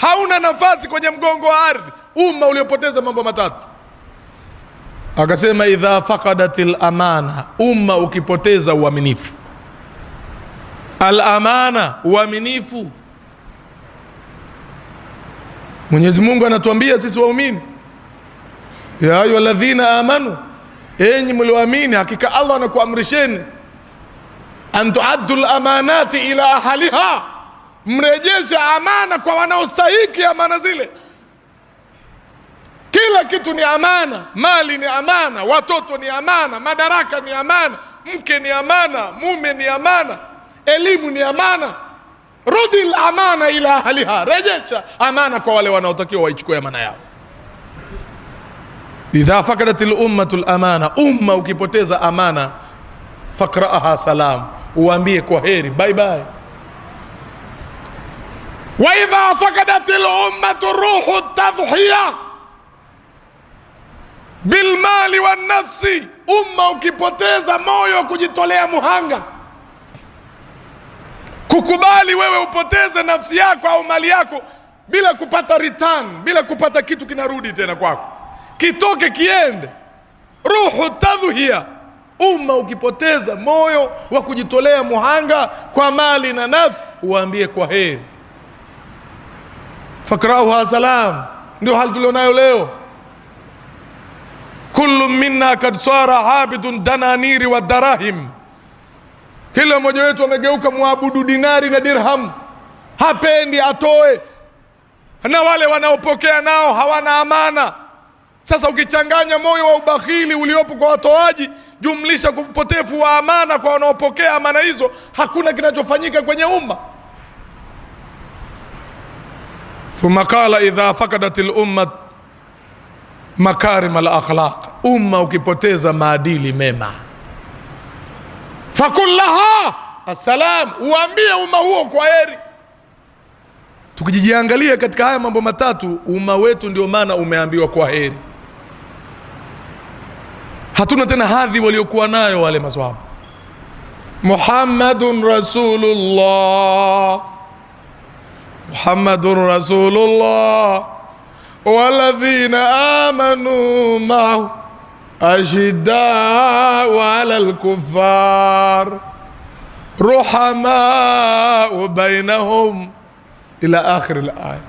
hauna nafasi kwenye mgongo wa ardhi, umma uliopoteza mambo matatu. Akasema idha faqadatil amana, umma ukipoteza uaminifu. Al amana, uaminifu. Mwenyezi Mungu anatuambia sisi waumini, ya ayu alladhina amanu, enyi mlioamini, hakika Allah anakuamrisheni antuaddu lamanati ila ahliha mrejeshe amana kwa wanaostahiki amana zile. Kila kitu ni amana, mali ni amana, watoto ni amana, madaraka ni amana, mke ni amana, mume ni amana, elimu ni amana. Rudi amana ila ahliha, rejesha amana kwa wale wanaotakiwa waichukue amana yao. Idha fakadat lummatu lamana, umma ukipoteza amana, fakraha salam, uambie kwa heri, bye bye waidha فقدت lummat روح tadhhiya bilmali wa umma ukipoteza moyo wa kujitolea muhanga kukubali wewe upoteze nafsi yako au mali yako bila kupata return bila kupata kitu kinarudi tena kwako kitoke kiende ruhu tadhuhia umma ukipoteza moyo wa kujitolea muhanga kwa mali na nafsi uambie kwa heri fakrauha salam, ndio hali tulionayo leo. Kullu minna kad sara abidun dananiri wa darahim, kila mmoja wetu amegeuka mwabudu dinari na dirham, hapendi atoe, na wale wanaopokea nao hawana amana. Sasa ukichanganya moyo wa ubakhili uliopo kwa watoaji, jumlisha upotefu wa amana kwa wanaopokea amana hizo, hakuna kinachofanyika kwenye umma. thumma qala idha fakadat lumma makarim alakhlaq, umma ukipoteza maadili mema, fakul laha assalam, uambie umma huo kwa heri. Tukijijiangalia katika haya mambo matatu, umma wetu ndio maana umeambiwa kwa heri. Hatuna tena hadhi waliokuwa nayo wale maswahaba. Muhammadun rasulullah muhammadun rasulullah waladhina amanu mahu ashiddau ala lkuffar ruhamau bainahum ila akhiri laya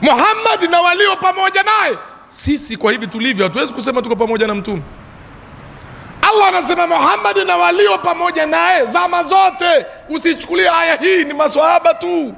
muhammadi na walio pamoja naye sisi kwa hivi tulivyo hatuwezi kusema tuko pamoja na mtume allah anasema muhammadi na walio pamoja naye zama zote usichukulie aya hii ni maswahaba tu